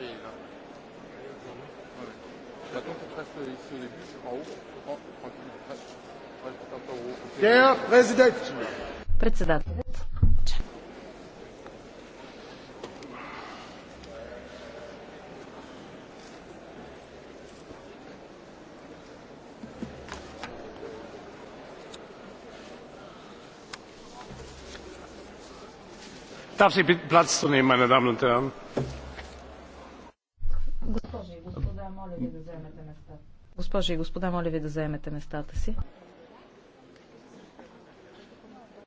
et là. Sie bitten, Platz zu nehmen, meine Damen und Herren? Госпожи и господа, моля ви да заемете местата си.